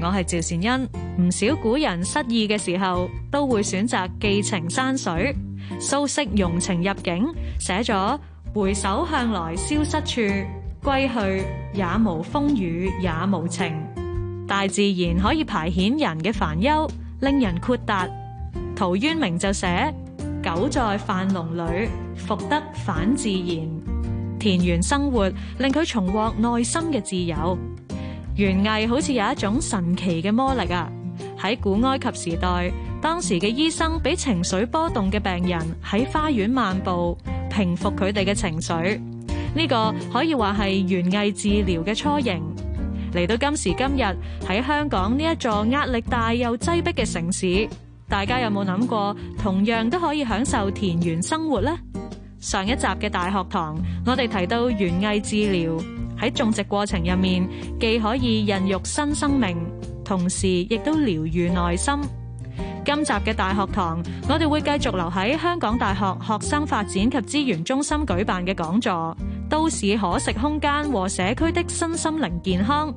我係趙善恩，唔少古人失意嘅時候都會選擇寄情山水。蘇軾用情入境，寫咗回首向來蕭瑟處，歸去也無風雨也無晴。大自然可以排遣人嘅煩憂，令人豁達。陶淵明就寫久在樊籠裏，復得返自然。田園生活令佢重獲內心嘅自由。園藝好似有一種神奇嘅魔力啊！喺古埃及時代，當時嘅醫生俾情緒波動嘅病人喺花園漫步，平復佢哋嘅情緒。呢個可以話係園藝治療嘅雛形。嚟到今時今日，喺香港呢一座壓力大又擠迫嘅城市，大家有冇諗過，同樣都可以享受田園生活呢？上一集嘅大學堂，我哋提到園藝治療。喺種植過程入面，既可以孕育新生命，同時亦都療癒內心。今集嘅大學堂，我哋會繼續留喺香港大學學生發展及資源中心舉辦嘅講座《都市可食空間和社區的身心靈健康》。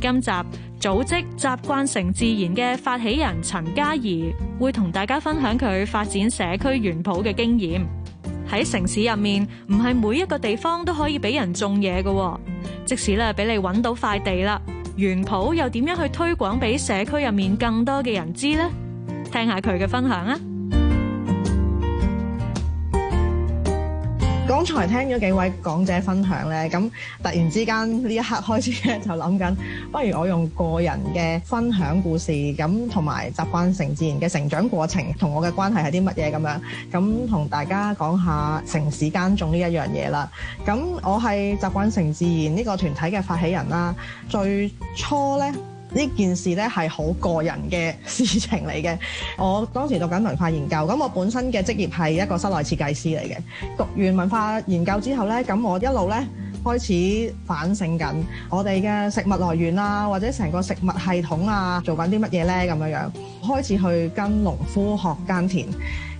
今集組織習慣成自然嘅發起人陳家儀，會同大家分享佢發展社區園圃嘅經驗。喺城市入面，唔係每一個地方都可以俾人種嘢嘅。即使咧俾你揾到塊地啦，園圃又點樣去推廣俾社區入面更多嘅人知呢？聽下佢嘅分享啊！剛才聽咗幾位講者分享咧，咁突然之間呢一刻開始咧，就諗緊，不如我用個人嘅分享故事，咁同埋習慣成自然嘅成長過程，同我嘅關係係啲乜嘢咁樣，咁同大家講下城市耕種呢一樣嘢啦。咁我係習慣成自然呢個團體嘅發起人啦，最初呢。呢件事呢，係好個人嘅事情嚟嘅。我當時讀緊文化研究，咁我本身嘅職業係一個室內設計師嚟嘅。讀完文化研究之後呢，咁我一路呢，開始反省緊我哋嘅食物來源啊，或者成個食物系統啊，做緊啲乜嘢呢，咁樣樣開始去跟農夫學耕田。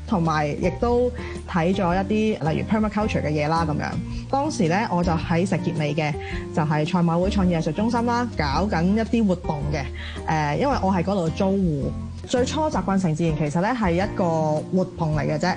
同埋亦都睇咗一啲例如 permaculture 嘅嘢啦，咁樣當時咧我就喺石硤尾嘅就係、是、賽馬會創意藝術中心啦，搞緊一啲活動嘅誒、呃，因為我係嗰度租戶，最初習慣成自然，其實咧係一個活動嚟嘅啫。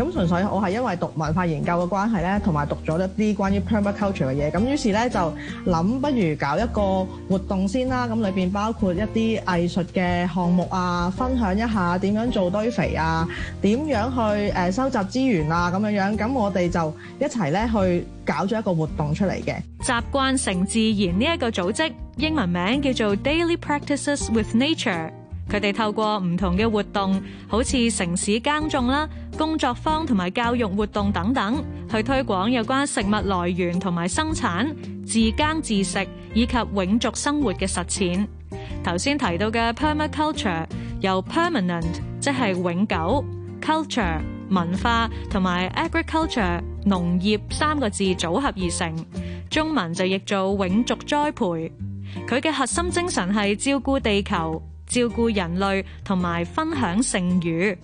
咁純粹我係因為讀文化研究嘅關係咧，同埋讀咗一啲關於 permaculture 嘅嘢，咁於是咧就諗不如搞一個活動先啦。咁裏邊包括一啲藝術嘅項目啊，分享一下點樣做堆肥啊，點樣去誒收集資源啊咁樣樣。咁我哋就一齊咧去搞咗一個活動出嚟嘅。習慣成自然呢一個組織，英文名叫做 Daily Practices with Nature。佢哋透過唔同嘅活動，好似城市耕種啦、工作坊同埋教育活動等等，去推廣有關食物來源同埋生產、自耕自食以及永續生活嘅實踐。頭先提到嘅 permaculture 由 permanent 即係永久、culture 文化同埋 agriculture 農業三個字組合而成，中文就譯做永續栽培。佢嘅核心精神係照顧地球。照顧人類同埋分享剩餘，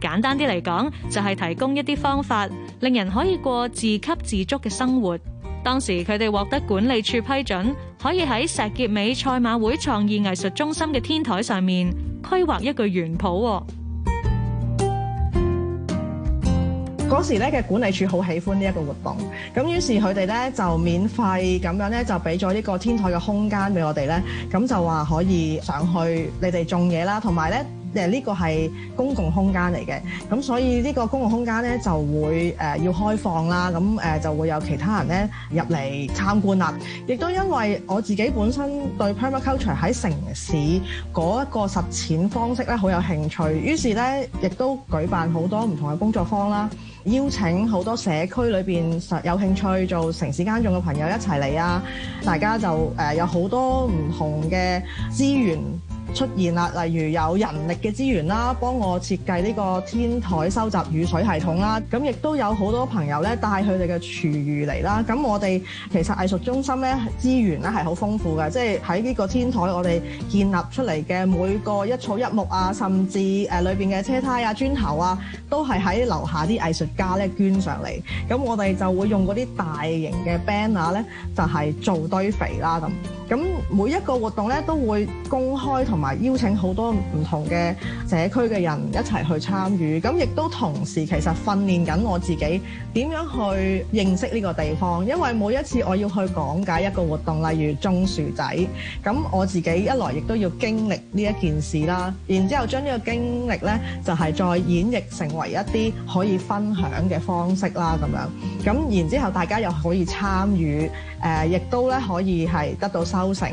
簡單啲嚟講，就係、是、提供一啲方法，令人可以過自給自足嘅生活。當時佢哋獲得管理處批准，可以喺石硤尾賽馬會創意藝術中心嘅天台上面規劃一個園圃。嗰時咧嘅管理處好喜歡呢一個活動，咁於是佢哋咧就免費咁樣咧就俾咗呢個天台嘅空間俾我哋咧，咁就話可以上去你哋種嘢啦，同埋咧誒呢個係公共空間嚟嘅，咁所以呢個公共空間咧就會誒、呃、要開放啦，咁誒就會有其他人咧入嚟參觀啦。亦都因為我自己本身對 permaculture 喺城市嗰一個實踐方式咧好有興趣，於是咧亦都舉辦好多唔同嘅工作坊啦。邀請好多社區裏面有興趣做城市耕種嘅朋友一齊嚟啊！大家就有好多唔同嘅資源，出現啦，例如有人力嘅資源啦，幫我設計呢個天台收集雨水系統啦。咁亦都有好多朋友咧帶佢哋嘅廚餘嚟啦。咁我哋其實藝術中心咧資源咧係好豐富嘅，即係喺呢個天台我哋建立出嚟嘅每個一草一木啊，甚至誒裏邊嘅車胎啊、磚頭啊，都係喺樓下啲藝術家咧捐上嚟。咁我哋就會用嗰啲大型嘅 banner 咧，就係做堆肥啦咁。咁每一個活動咧都會公開同埋邀請好多唔同嘅社區嘅人一齊去參與，咁亦都同時其實訓練緊我自己點樣去認識呢個地方，因為每一次我要去講解一個活動，例如種樹仔，咁我自己一來亦都要經歷呢一件事啦，然之後將呢個經歷咧就係再演繹成為一啲可以分享嘅方式啦，咁樣，咁然之後大家又可以參與誒亦都咧可以係得到收成。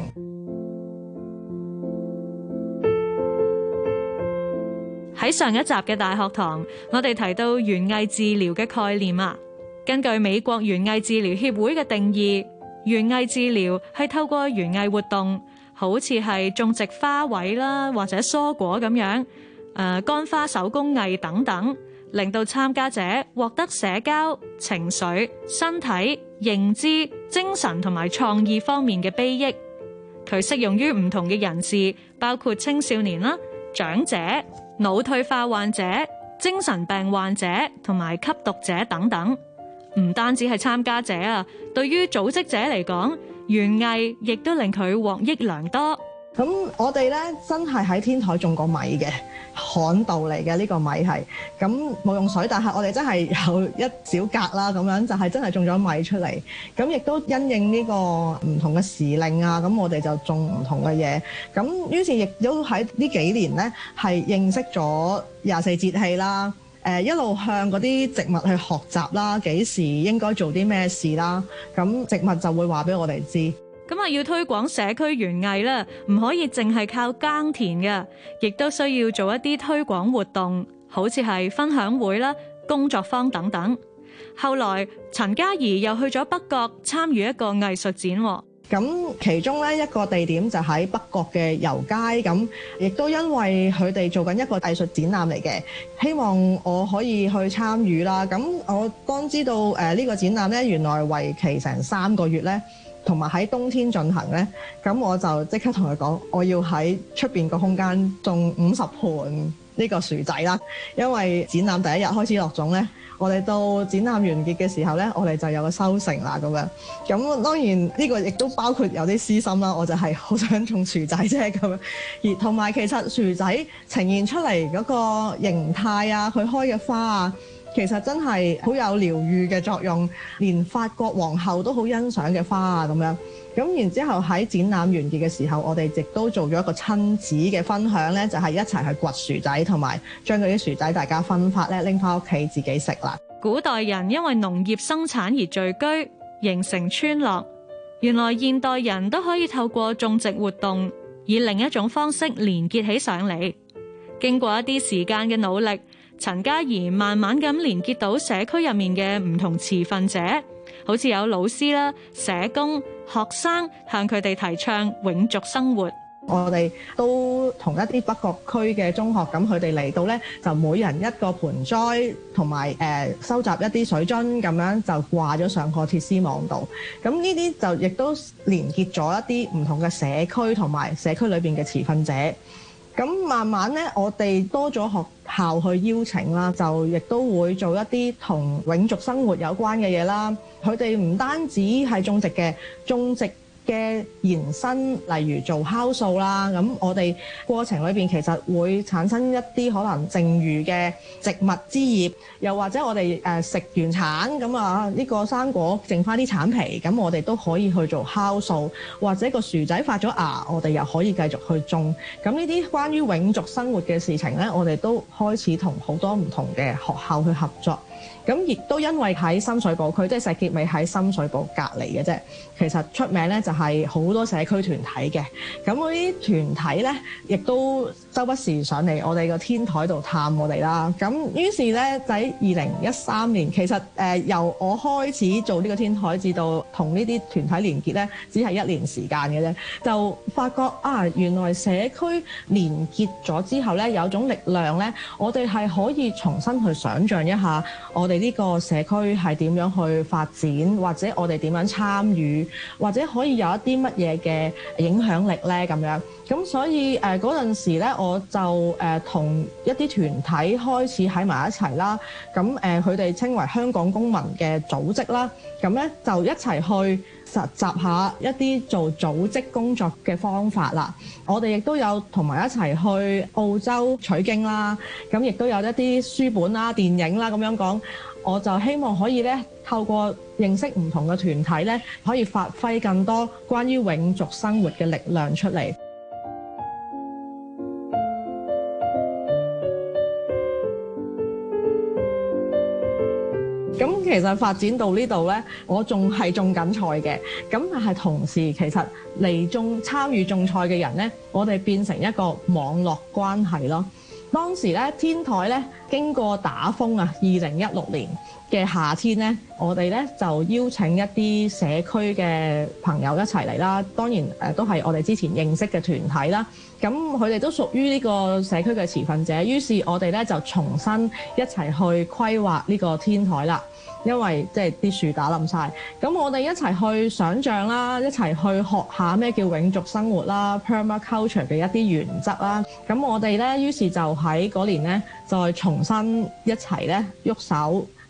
喺上一集嘅大學堂，我哋提到園藝治療嘅概念啊。根據美國園藝治療協會嘅定義，園藝治療係透過園藝活動，好似係種植花卉啦或者蔬果咁樣，誒，乾花手工藝等等，令到參加者獲得社交、情緒、身體、認知、精神同埋創意方面嘅裨益，佢適用於唔同嘅人士，包括青少年啦、長者、腦退化患者、精神病患者同埋吸毒者等等。唔單止係參加者啊，對於組織者嚟講，園藝亦都令佢獲益良多。咁我哋咧真係喺天台種過米嘅。旱稻嚟嘅呢個米係，咁、這、冇、個、用水，但係我哋真係有一小格啦，咁樣就係、是、真係種咗米出嚟。咁亦都因應呢個唔同嘅時令啊，咁我哋就種唔同嘅嘢。咁於是亦都喺呢幾年呢，係認識咗廿四節氣啦。誒、呃，一路向嗰啲植物去學習啦，幾時應該做啲咩事啦？咁植物就會話俾我哋知。咁啊，要推廣社區園藝啦，唔可以淨係靠耕田嘅，亦都需要做一啲推廣活動，好似係分享會啦、工作坊等等。後來陳家儀又去咗北角參與一個藝術展，咁其中咧一個地點就喺北角嘅油街，咁亦都因為佢哋做緊一個藝術展覽嚟嘅，希望我可以去參與啦。咁我剛知道誒，呢個展覽咧原來為期成三個月咧。同埋喺冬天進行咧，咁我就即刻同佢講，我要喺出面個空間種五十盆呢個薯仔啦。因為展覽第一日開始落種咧，我哋到展覽完結嘅時候咧，我哋就有個收成啦咁樣。咁當然呢個亦都包括有啲私心啦，我就係好想種薯仔啫咁樣。而同埋其實薯仔呈現出嚟嗰個形態啊，佢開嘅花啊。其實真係好有療癒嘅作用，連法國皇后都好欣賞嘅花啊咁樣。咁然之後喺展覽完結嘅時候，我哋亦都做咗一個親子嘅分享呢就係一齊去掘薯仔，同埋將嗰啲薯仔大家分發咧拎返屋企自己食啦。古代人因為農業生產而聚居，形成村落。原來現代人都可以透過種植活動，以另一種方式連結起上嚟。經過一啲時間嘅努力。陳家儀慢慢咁連結到社區入面嘅唔同持份者，好似有老師啦、社工、學生向佢哋提倡永續生活。我哋都同一啲北角區嘅中學咁，佢哋嚟到呢就每人一個盆栽，同埋誒收集一啲水樽咁樣就掛咗上個鐵絲網度。咁呢啲就亦都連結咗一啲唔同嘅社區同埋社區裏邊嘅持份者。咁慢慢咧，我哋多咗學校去邀請啦，就亦都會做一啲同永續生活有關嘅嘢啦。佢哋唔單止係種植嘅，種植嘅延伸，例如做酵素啦，咁我哋過程裏邊其實會產生一啲可能剩餘嘅植物枝葉，又或者我哋誒食完橙咁啊，呢個生果剩翻啲橙皮，咁我哋都可以去做酵素，或者個薯仔發咗芽，我哋又可以繼續去種。咁呢啲關於永續生活嘅事情咧，我哋都開始同好多唔同嘅學校去合作。咁亦都因為喺深水埗區，即係石硤尾喺深水埗隔離嘅啫。其實出名咧就係好多社區團體嘅。咁嗰啲團體咧，亦都周不時上嚟我哋個天台度探我哋啦。咁於是咧就喺二零一三年，其實誒、呃、由我開始做呢個天台，至到同呢啲團體連結咧，只係一年時間嘅啫，就發覺啊，原來社區連結咗之後咧，有種力量咧，我哋係可以重新去想像一下。我哋呢個社區係點樣去發展，或者我哋點樣參與，或者可以有一啲乜嘢嘅影響力咧？咁樣咁，所以誒嗰陣時咧，我就誒同一啲團體開始喺埋一齊啦。咁誒，佢哋稱為香港公民嘅組織啦。咁咧就一齊去。實習下一啲做組織工作嘅方法啦，我哋亦都有同埋一齊去澳洲取經啦，咁亦都有一啲書本啦、啊、電影啦、啊、咁樣講，我就希望可以咧透過認識唔同嘅團體咧，可以發揮更多關於永續生活嘅力量出嚟。其實發展到呢度呢，我仲係種緊菜嘅，咁但係同時其實嚟種參與種菜嘅人呢，我哋變成一個網絡關係咯。當時呢，天台呢經過打風啊，二零一六年嘅夏天呢，我哋呢就邀請一啲社區嘅朋友一齊嚟啦。當然誒，都係我哋之前認識嘅團體啦。咁佢哋都屬於呢個社區嘅持份者。於是，我哋呢就重新一齊去規劃呢個天台啦，因為即係啲樹打冧晒，咁，就是，我哋一齊去想象啦，一齊去學下咩叫永續生活啦 （permaculture） 嘅一啲原則啦。咁我哋呢，於是就喺嗰年呢，再重新一齊呢，喐手。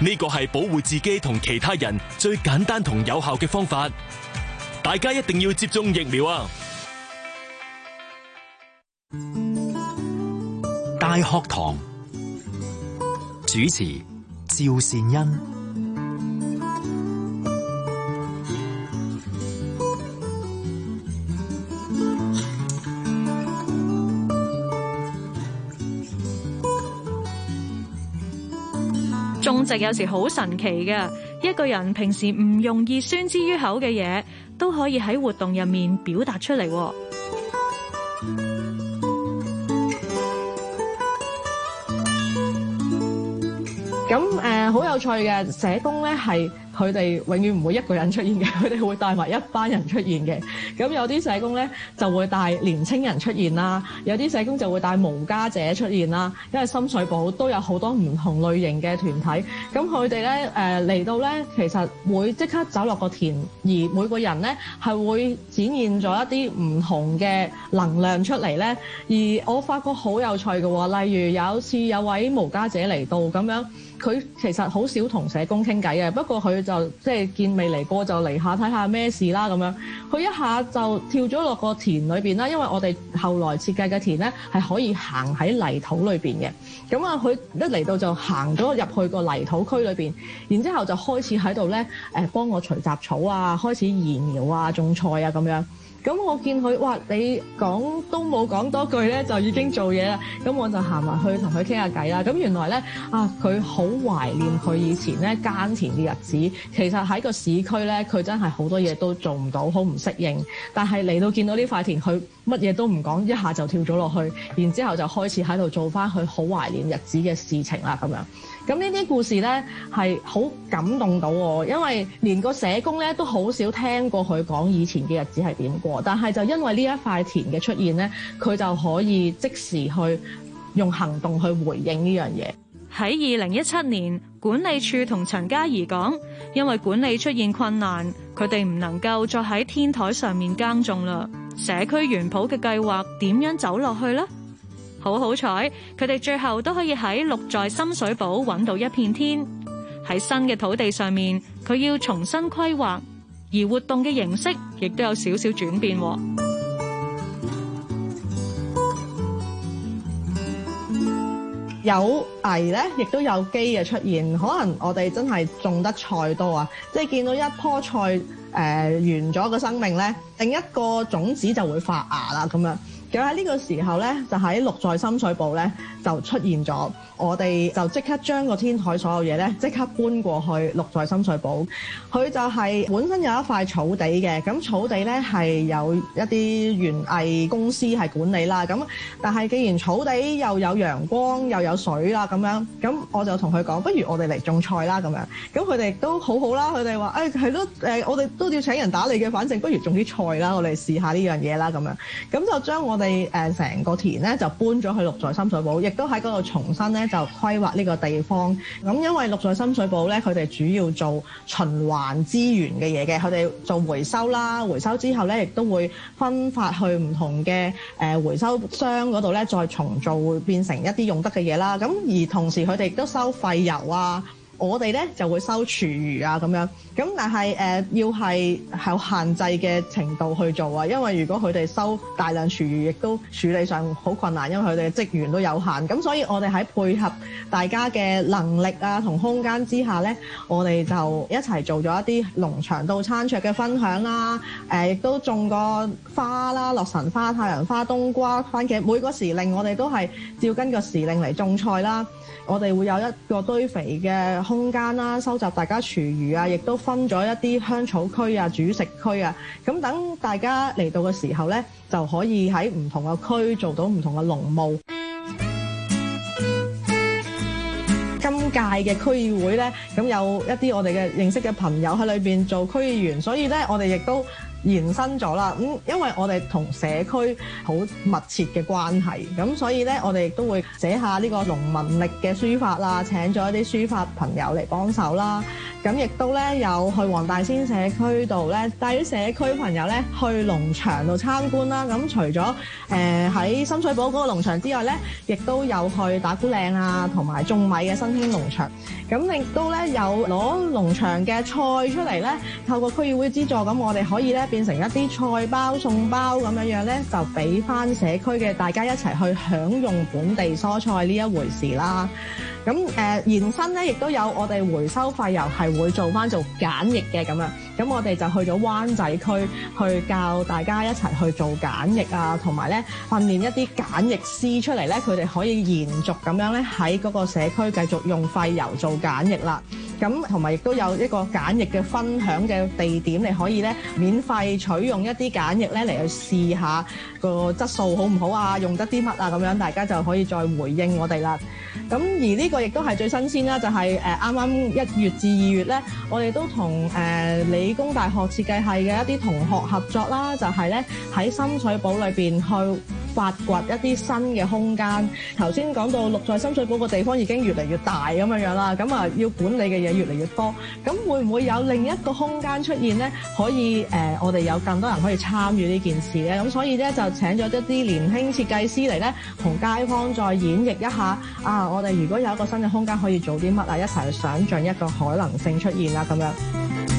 呢個係保護自己同其他人最簡單同有效嘅方法，大家一定要接種疫苗啊！大學堂主持趙善恩。就有時好神奇嘅，一個人平時唔容易宣之於口嘅嘢，都可以喺活動入面表達出嚟。咁誒，好、呃、有趣嘅，社工咧係。佢哋永遠唔會一個人出現嘅，佢哋會帶埋一班人出現嘅。咁有啲社工咧就會帶年青人出現啦，有啲社工就會帶無家者出現啦。因為深水埗都有好多唔同類型嘅團體，咁佢哋咧誒嚟到咧，其實會即刻走落個田，而每個人咧係會展現咗一啲唔同嘅能量出嚟咧。而我發覺好有趣嘅喎，例如有一次有位無家者嚟到咁樣。佢其實好少同社工傾偈嘅，不過佢就即係見未嚟過就嚟下睇下咩事啦咁樣。佢一下就跳咗落個田裏邊啦，因為我哋後來設計嘅田咧係可以行喺泥土裏邊嘅。咁啊，佢一嚟到就行咗入去個泥土區裏邊，然之後就開始喺度咧誒幫我除雜草啊，開始移苗啊、種菜啊咁樣。咁我見佢，哇！你講都冇講多句咧，就已經做嘢啦。咁我就行埋去同佢傾下偈啦。咁原來咧啊，佢好～好懷念佢以前咧耕田嘅日子。其實喺個市區咧，佢真係好多嘢都做唔到，好唔適應。但係嚟到見到呢塊田，佢乜嘢都唔講，一下就跳咗落去，然之後就開始喺度做翻佢好懷念日子嘅事情啦咁樣。咁呢啲故事咧，係好感動到我，因為連個社工咧都好少聽過佢講以前嘅日子係點過。但係就因為呢一塊田嘅出現咧，佢就可以即時去用行動去回應呢樣嘢。喺二零一七年，管理處同陳家儀講，因為管理出現困難，佢哋唔能夠再喺天台上面耕種啦。社區園圃嘅計劃點樣走落去呢？好好彩，佢哋最後都可以喺六在深水埗揾到一片天。喺新嘅土地上面，佢要重新規劃，而活動嘅形式亦都有少少轉變。有危咧，亦都有機嘅出現。可能我哋真係種得菜多啊，即係見到一樖菜誒完咗個生命咧，另一個種子就會發芽啦咁樣。咁喺呢個時候咧，就喺綠在深水埗咧就出現咗，我哋就即刻將個天台所有嘢咧即刻搬過去綠在深水埗。佢就係本身有一塊草地嘅，咁草地咧係有一啲園藝公司係管理啦。咁但係既然草地又有陽光又有水啦，咁樣咁我就同佢講，不如我哋嚟種菜啦咁樣。咁佢哋都好好啦，佢哋話誒係咯，誒、哎呃、我哋都要請人打理嘅，反正不如種啲菜啦，我哋試下呢樣嘢啦咁樣。咁就將我我哋誒成個田咧就搬咗去綠在深水埗，亦都喺嗰度重新咧就規劃呢個地方。咁因為綠在深水埗咧，佢哋主要做循環資源嘅嘢嘅，佢哋做回收啦，回收之後咧亦都會分發去唔同嘅誒回收商嗰度咧，再重做會變成一啲用得嘅嘢啦。咁而同時佢哋亦都收廢油啊。我哋咧就會收廚餘啊咁樣，咁但係誒、呃、要係有限制嘅程度去做啊，因為如果佢哋收大量廚餘，亦都處理上好困難，因為佢哋嘅職員都有限。咁所以我哋喺配合大家嘅能力啊同空間之下咧，我哋就一齊做咗一啲農場到餐桌嘅分享啦。誒亦都種過花啦，洛神花、太陽花、冬瓜、番茄，每個時令我哋都係照跟個時令嚟種菜啦。我哋會有一個堆肥嘅。空間啦，收集大家廚餘啊，亦都分咗一啲香草區啊、主食區啊。咁等大家嚟到嘅時候呢，就可以喺唔同嘅區做到唔同嘅農務。 今屆嘅區議會呢，咁有一啲我哋嘅認識嘅朋友喺裏邊做區議員，所以呢，我哋亦都。延伸咗啦，咁因為我哋同社區好密切嘅關係，咁所以咧我哋亦都會寫下呢個農民曆嘅書法啦，請咗一啲書法朋友嚟幫手啦。咁亦都咧有去黃大仙社區度咧帶啲社區朋友咧去農場度參觀啦。咁除咗誒喺深水埗嗰個農場之外咧，亦都有去打鼓嶺啊同埋種米嘅新興農場。咁亦都咧有攞農場嘅菜出嚟咧，透過區議會資助，咁我哋可以咧。變成一啲菜包餸包咁樣樣咧，就俾翻社區嘅大家一齊去享用本地蔬菜呢一回事啦。咁誒延伸咧，亦、呃、都有我哋回收廢油係會做翻做梘液嘅咁樣。咁我哋就去咗灣仔區去教大家一齊去做梘液啊，同埋咧訓練一啲梘液師出嚟咧，佢哋可以延續咁樣咧喺嗰個社區繼續用廢油做梘液啦。咁同埋亦都有一個簡易嘅分享嘅地點，你可以咧免費取用一啲簡易咧嚟去試下個質素好唔好啊，用得啲乜啊咁樣，大家就可以再回應我哋啦。咁而呢個亦都係最新鮮啦，就係誒啱啱一月至二月咧，我哋都同誒理工大學設計系嘅一啲同學合作啦，就係咧喺深水埗裏邊去。挖掘一啲新嘅空間。頭先講到綠在深水埗個地方已經越嚟越大咁樣樣啦，咁啊要管理嘅嘢越嚟越多，咁會唔會有另一個空間出現呢？可以誒、呃，我哋有更多人可以參與呢件事咧。咁所以咧就請咗一啲年輕設計師嚟呢，同街坊再演繹一下啊！我哋如果有一個新嘅空間，可以做啲乜啊？一齊去想象一個可能性出現啦，咁樣。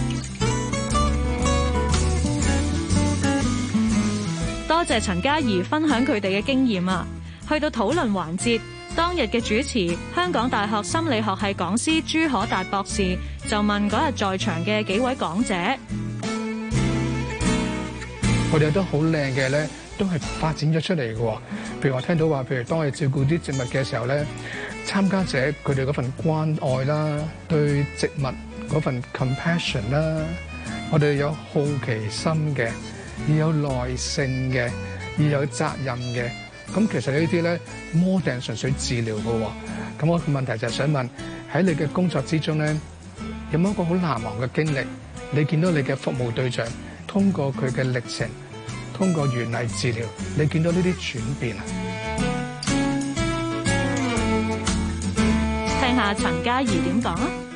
多謝陳家儀分享佢哋嘅經驗啊！去到討論環節，當日嘅主持香港大學心理學系講師朱可達博士就問嗰日在場嘅幾位講者：我哋都好靚嘅咧，都係發展咗出嚟嘅。譬如我聽到話，譬如當我哋照顧啲植物嘅時候咧，參加者佢哋嗰份關愛啦，對植物嗰份 compassion 啦，我哋有好奇心嘅。要有耐性嘅，要有責任嘅，咁其實呢啲咧，摸病純粹治療嘅喎。咁我個問題就係想問，喺你嘅工作之中咧，有冇一個好難忘嘅經歷？你見到你嘅服務對象通過佢嘅歷程，通過園藝治療，你見到呢啲轉變啊？聽下陳家儀點講。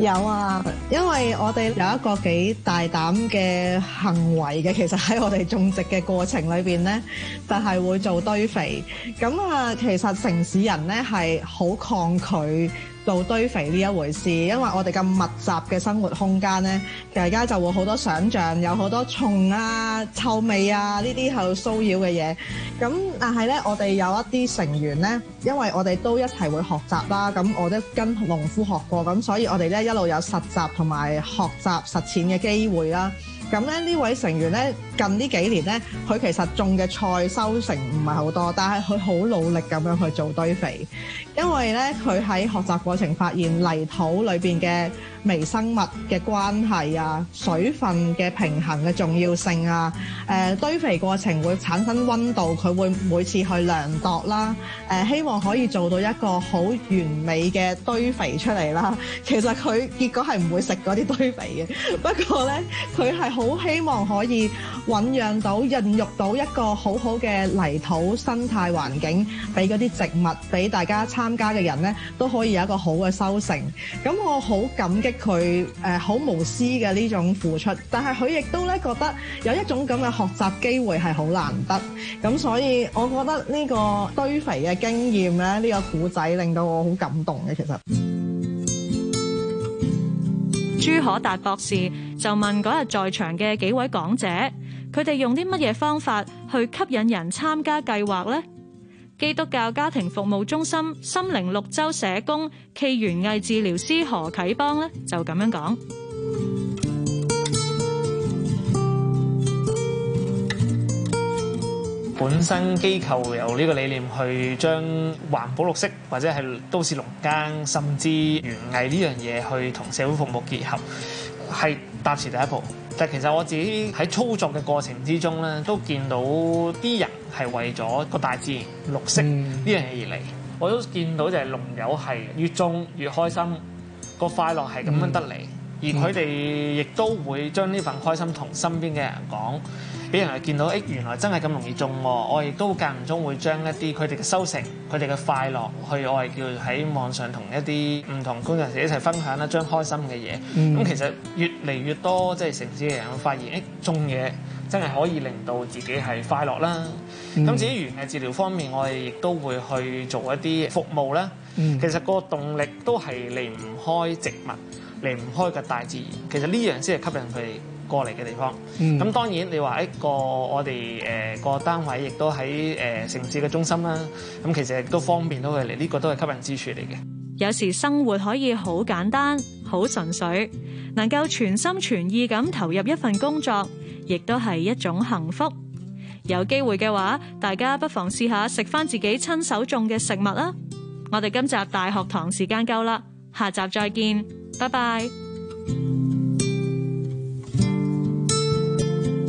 有啊，因為我哋有一個幾大膽嘅行為嘅，其實喺我哋種植嘅過程裏邊咧，就係會做堆肥。咁啊，其實城市人咧係好抗拒，到堆肥呢一回事，因為我哋咁密集嘅生活空間咧，大家就會好多想象，有好多蟲啊、臭味啊呢啲去騷擾嘅嘢。咁但係咧，我哋有一啲成員咧，因為我哋都一齊會學習啦，咁我都跟農夫學過，咁所以我哋咧一路有實習同埋學習實踐嘅機會啦。咁咧呢位成員咧，近呢幾年咧，佢其實種嘅菜收成唔係好多，但係佢好努力咁樣去做堆肥，因為咧佢喺學習過程發現泥土裏邊嘅微生物嘅關係啊、水分嘅平衡嘅重要性啊、誒堆肥過程會產生溫度，佢會每次去量度啦，誒希望可以做到一個好完美嘅堆肥出嚟啦。其實佢結果係唔會食嗰啲堆肥嘅，不過咧佢係好希望可以。醖釀到、孕育到一個好好嘅泥土生態環境，俾嗰啲植物，俾大家參加嘅人呢都可以有一個好嘅收成。咁我好感激佢誒，好、呃、無私嘅呢種付出。但係佢亦都咧覺得有一種咁嘅學習機會係好難得。咁所以，我覺得呢個堆肥嘅經驗咧，呢、呢個古仔令到我好感動嘅。其實，朱可達博士就問嗰日在場嘅幾位講者。佢哋用啲乜嘢方法去吸引人參加計劃呢？基督教家庭服務中心心靈綠洲社工暨園藝治療師何啟邦咧就咁樣講。本身機構由呢個理念去將環保綠色或者係都市農耕甚至園藝呢樣嘢去同社會服務結合，係踏前第一步。但其實我自己喺操作嘅過程之中咧，都見到啲人係為咗個大自然、綠色呢樣嘢而嚟，我都見到就係農友係越種越開心，個快樂係咁樣得嚟。嗯而佢哋亦都會將呢份開心同身邊嘅人講，俾人係見到誒、哎，原來真係咁容易種喎。我亦都間唔中會將一啲佢哋嘅收成、佢哋嘅快樂，去我係叫喺網上同一啲唔同工作者一齊分享啦，將開心嘅嘢。咁、嗯、其實越嚟越多即係城市嘅人會發現，誒種嘢真係可以令到自己係快樂啦。咁至於園藝治療方面，我哋亦都會去做一啲服務啦。嗯、其實個動力都係離唔開植物。離唔開嘅大自然，其實呢樣先係吸引佢哋過嚟嘅地方。咁、嗯、當然，你話一個我哋誒個單位，亦都喺誒城市嘅中心啦。咁其實亦都方便到，到佢哋。呢個都係吸引之處嚟嘅。有時生活可以好簡單、好純粹，能夠全心全意咁投入一份工作，亦都係一種幸福。有機會嘅話，大家不妨試下食返自己親手種嘅食物啦。我哋今集大學堂時間夠啦，下集再見。拜拜。